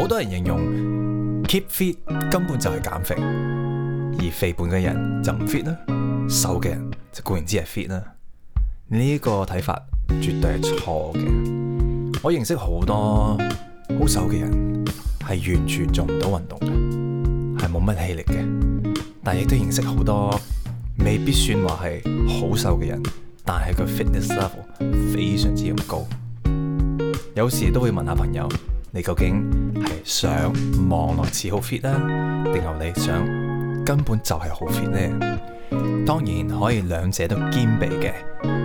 好多人形容 keep fit 根本就係減肥，而肥胖嘅人就唔 fit 啦，瘦嘅人就固然之係 fit 啦。呢個睇法絕對係錯嘅。我認識好多好瘦嘅人係完全做唔到運動嘅，係冇乜氣力嘅。但亦都認識好多未必算話係好瘦嘅人，但係佢 fitness level 非常之咁高。有時都會問下朋友。你究竟係想望落似好 fit 啦，定係你想根本就係好 fit 呢？當然可以兩者都兼備嘅。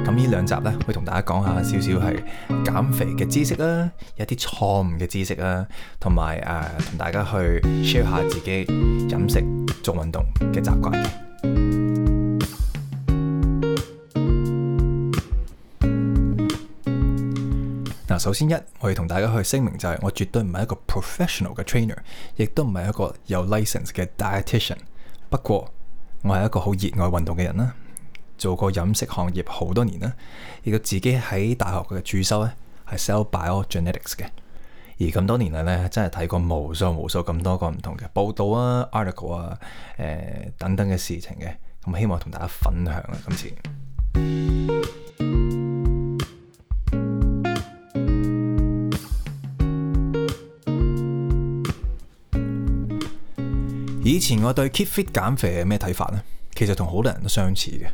咁呢兩集呢，會同大家講下少少係減肥嘅知識啦，一啲錯誤嘅知識啦，同埋誒同大家去 share 下自己飲食、做運動嘅習慣。嗱，首先一，我要同大家去聲明就係、是，我絕對唔係一個 professional 嘅 trainer，亦都唔係一個有 license 嘅 dietician。不過，我係一個好熱愛運動嘅人啦，做過飲食行業好多年啦，亦都自己喺大學嘅主修呢係 sell bio genetics 嘅。而咁多年嚟呢，真係睇過無數無數咁多個唔同嘅報道啊、article 啊、呃、等等嘅事情嘅，咁希望同大家分享啊，今次。以前我對 keep fit 減肥係咩睇法呢？其實同好多人都相似嘅，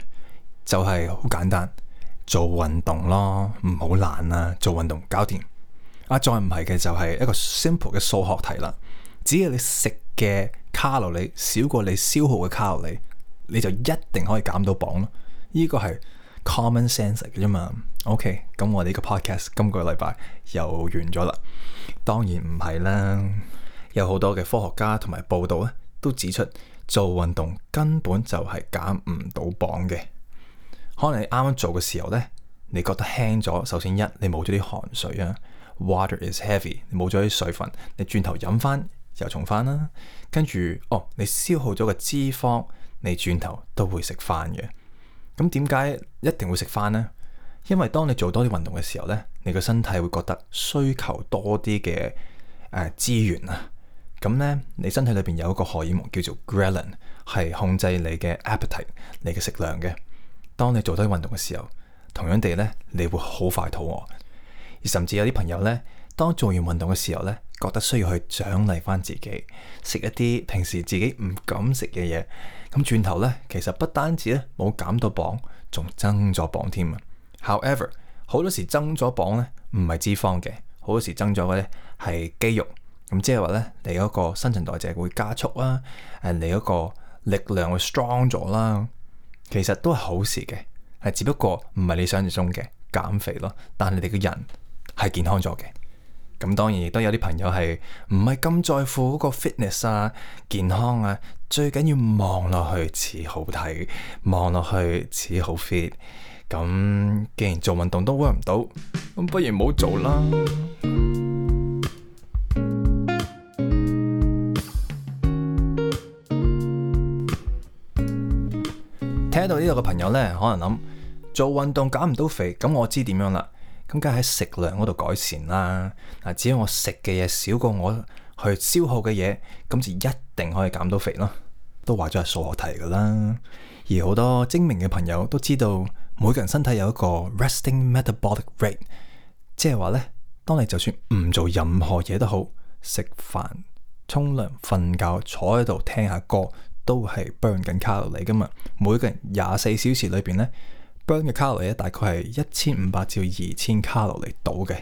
就係好簡單做運動咯，唔好懶啦，做運動搞掂。啊，再唔係嘅就係一個 simple 嘅數學題啦，只要你食嘅卡路里少過你消耗嘅卡路里，你就一定可以減到磅咯。呢個係 common sense 嚟嘅啫嘛。OK，咁我哋呢個 podcast 今個禮拜又完咗啦。當然唔係啦，有好多嘅科學家同埋報道咧。都指出做運動根本就係減唔到磅嘅。可能你啱啱做嘅時候呢，你覺得輕咗。首先一，你冇咗啲汗水啊，water is heavy，你冇咗啲水分，你轉頭飲翻又重翻啦。跟住哦，你消耗咗個脂肪，你轉頭都會食翻嘅。咁點解一定會食翻呢？因為當你做多啲運動嘅時候呢，你個身體會覺得需求多啲嘅誒資源啊。咁呢，你身體裏邊有一個荷爾蒙叫做 ghrelin，係控制你嘅 appetite，你嘅食量嘅。當你做多啲運動嘅時候，同樣地呢，你會好快肚餓。而甚至有啲朋友呢，當做完運動嘅時候呢，覺得需要去獎勵翻自己，食一啲平時自己唔敢食嘅嘢。咁轉頭呢，其實不單止咧冇減到磅，仲增咗磅添啊。However，好多時增咗磅呢，唔係脂肪嘅，好多時增咗嘅呢，係肌肉。咁即係話呢，你嗰個新陳代謝會加速啦，誒，你嗰個力量會 strong 咗啦，其實都係好事嘅，係只不過唔係你想象中嘅減肥咯，但係你哋嘅人係健康咗嘅。咁當然亦都有啲朋友係唔係咁在乎嗰個 fitness 啊、健康啊，最緊要望落去似好睇，望落去似好 fit，咁既然做運動都 work 唔到，咁不如唔好做啦。呢度呢度嘅朋友呢，可能諗做運動減唔到肥，咁我知點樣啦？咁梗係喺食量嗰度改善啦。嗱，只要我食嘅嘢少過我去消耗嘅嘢，咁就一定可以減到肥咯。都話咗係數學題噶啦。而好多精明嘅朋友都知道，每個人身體有一個 resting metabolic rate，即係話呢，當你就算唔做任何嘢都好，食飯、沖涼、瞓覺、坐喺度聽下歌。都係 burn 緊卡路里噶嘛？每個人廿四小時裏邊咧，burn 嘅卡路里咧大概係一千五百至二千卡路里到嘅。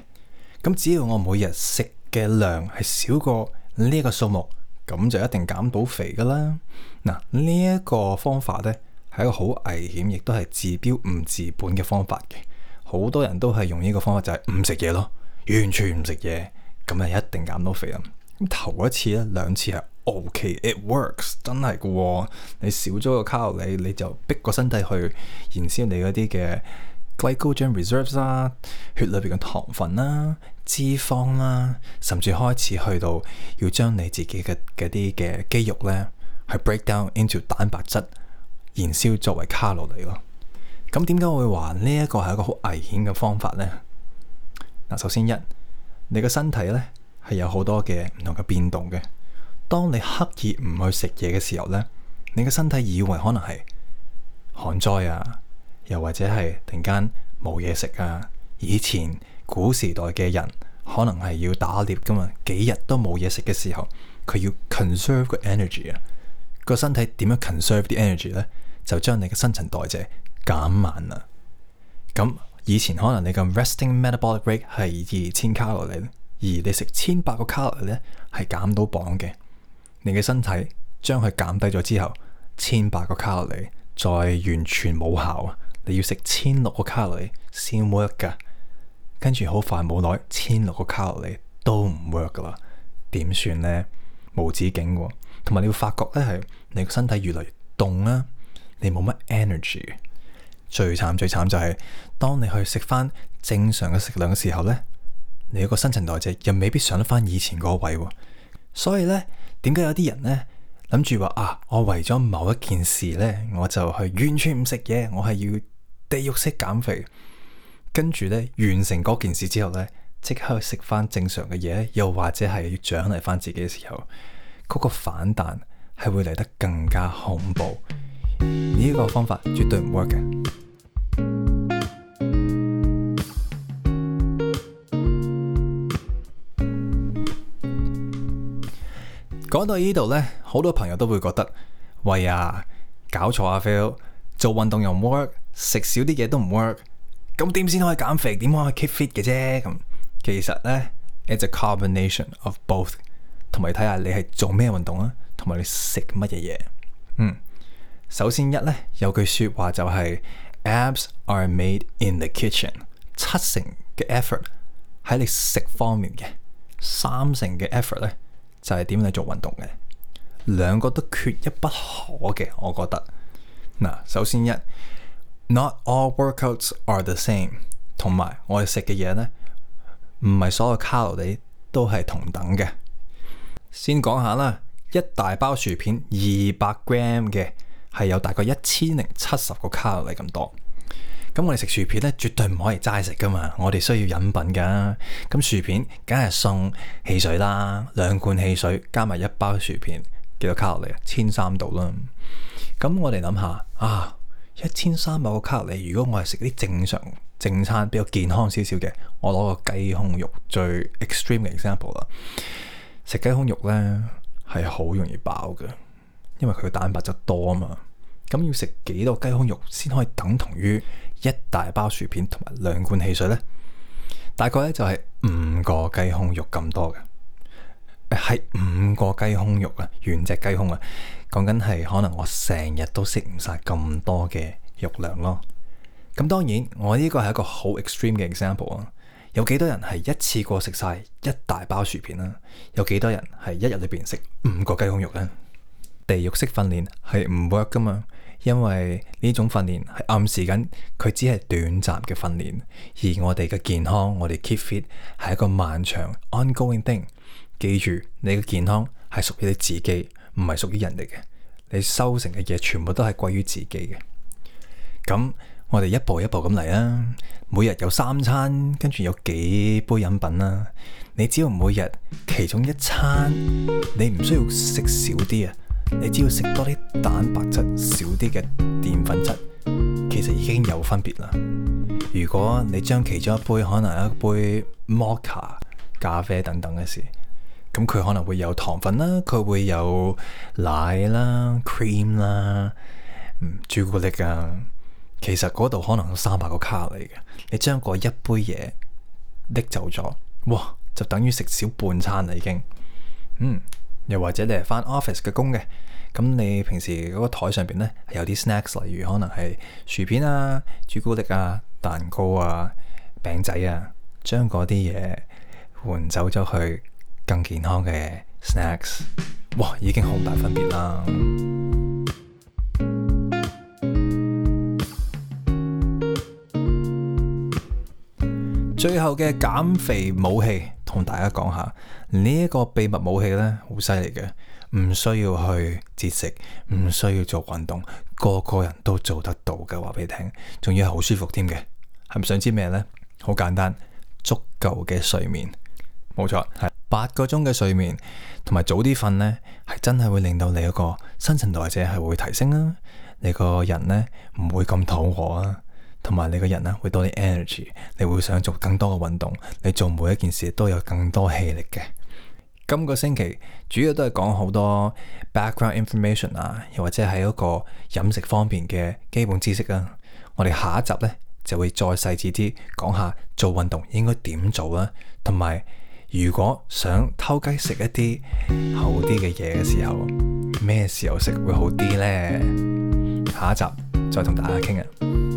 咁只要我每日食嘅量係少過呢一個數目，咁就一定減到肥噶啦。嗱，呢一個方法咧係一個好危險，亦都係治標唔治本嘅方法嘅。好多人都係用呢個方法就係唔食嘢咯，完全唔食嘢，咁就一定減到肥啊。咁頭一次咧，兩次啊。O、okay, K, it works，真係嘅、哦。你少咗個卡路里,你就逼個身體去燃燒你嗰啲嘅 glycogen reserves 啦、啊，血裏邊嘅糖分啦、啊、脂肪啦、啊，甚至開始去到要將你自己嘅啲嘅肌肉咧，去 break down into 蛋白質燃燒作為卡路里咯。咁點解我會話呢一個係一個好危險嘅方法咧？嗱，首先一你個身體咧係有好多嘅唔同嘅變動嘅。當你刻意唔去食嘢嘅時候呢，你嘅身體以為可能係旱災啊，又或者係突然間冇嘢食啊。以前古時代嘅人可能係要打獵噶嘛，幾日都冇嘢食嘅時候，佢要 conserve 個 energy 啊。個身體點樣 conserve 啲 energy 呢？就將你嘅新陳代謝減慢啦。咁以前可能你嘅 resting metabolic rate 係二千卡路里，而你食千八個卡路里呢，係減到磅嘅。你嘅身體將佢減低咗之後，千八個卡路里再完全冇效啊！你要食千六個卡路里先 work 噶，跟住好快冇耐，千六個卡路里都唔 work 噶啦。點算呢？無止境、哦，同埋你會發覺咧，係你個身體越嚟越凍啊，你冇乜 energy。最慘最慘就係、是、當你去食翻正常嘅食量嘅時候咧，你個新陳代謝又未必上得翻以前個位、哦，所以咧。點解有啲人呢，諗住話啊，我為咗某一件事呢，我就去完全唔食嘢，我係要地獄式減肥，跟住呢完成嗰件事之後呢，即刻去食翻正常嘅嘢，又或者係要獎勵翻自己嘅時候，嗰個反彈係會嚟得更加恐怖。呢個方法絕對唔 work 嘅。講到呢度呢，好多朋友都會覺得喂，呀，搞錯啊，Phil，做運動又唔 work，食少啲嘢，都唔 work，咁點先可以減肥？點可以 keep fit 嘅啫？咁其實呢，it's a combination of both，同埋睇下你係做咩運動啊，同埋你食乜嘢嘢。嗯，首先一呢，有句說話就係 abs are made in the kitchen，七成嘅 effort 喺你食方面嘅，三成嘅 effort 呢。就係點嚟做運動嘅，兩個都缺一不可嘅，我覺得。嗱，首先一，not all workouts are the same，同埋我哋食嘅嘢呢，唔係所有卡路里都係同等嘅。先講下啦，一大包薯片二百 gram 嘅，係有大概一千零七十個卡路里咁多。咁我哋食薯片咧，絕對唔可以齋食噶嘛。我哋需要飲品噶啊。咁薯片梗係送汽水啦，兩罐汽水加埋一包薯片，幾多卡路里啊？千三度啦。咁我哋諗下啊，一千三百個卡路里。如果我係食啲正常正餐，比較健康少少嘅，我攞個雞胸肉最 extreme 嘅 example 啦。食雞胸肉呢係好容易飽噶，因為佢嘅蛋白質多啊嘛。咁要食幾多雞胸肉先可以等同於？一大包薯片同埋兩罐汽水呢，大概咧就係五個雞胸肉咁多嘅，係五個雞胸肉啊，原隻雞胸啊，講緊係可能我成日都食唔晒咁多嘅肉量咯。咁當然，我呢個係一個好 extreme 嘅 example 啊。有幾多人係一次過食晒一大包薯片啦？有幾多人係一日裏邊食五個雞胸肉呢？地獄式訓練係唔 work 噶嘛？因為呢種訓練係暗示緊佢只係短暫嘅訓練，而我哋嘅健康，我哋 keep fit 係一個漫長 ongoing thing。記住，你嘅健康係屬於你自己，唔係屬於人哋嘅。你收成嘅嘢全部都係歸於自己嘅。咁我哋一步一步咁嚟啦，每日有三餐，跟住有幾杯飲品啦。你只要每日其中一餐，你唔需要食少啲啊。你只要食多啲蛋白質，少啲嘅澱粉質，其實已經有分別啦。如果你將其中一杯可能一杯摩卡咖啡等等嘅事，咁佢可能會有糖分啦，佢會有奶啦、cream 啦、嗯、朱古力啊，其實嗰度可能有三百個卡嚟嘅。你將嗰一杯嘢拎走咗，哇，就等於食少半餐啦已經，嗯。又或者你係翻 office 嘅工嘅，咁你平時嗰個台上邊呢，有啲 snacks，例如可能係薯片啊、朱古力啊、蛋糕啊、餅仔啊，將嗰啲嘢換走咗去更健康嘅 snacks，哇，已經好大分別啦！ 最後嘅減肥武器。同大家講下呢一個秘密武器呢，好犀利嘅，唔需要去節食，唔需要做運動，個個人都做得到嘅。話俾你聽，仲要係好舒服添嘅。係咪想知咩呢？好簡單，足夠嘅睡眠，冇錯，係八個鐘嘅睡眠，同埋早啲瞓呢，係真係會令到你個新陳代謝係會提升啊，你個人呢，唔會咁肚餓啊。同埋你個人啦，會多啲 energy，你會想做更多嘅運動，你做每一件事都有更多氣力嘅。今個星期主要都係講好多 background information 啊，又或者係一個飲食方面嘅基本知識啊。我哋下一集呢，就會再細緻啲講下做運動應該點做啦，啊，同埋如果想偷雞食一啲好啲嘅嘢嘅時候，咩時候食會好啲呢？下一集再同大家傾啊！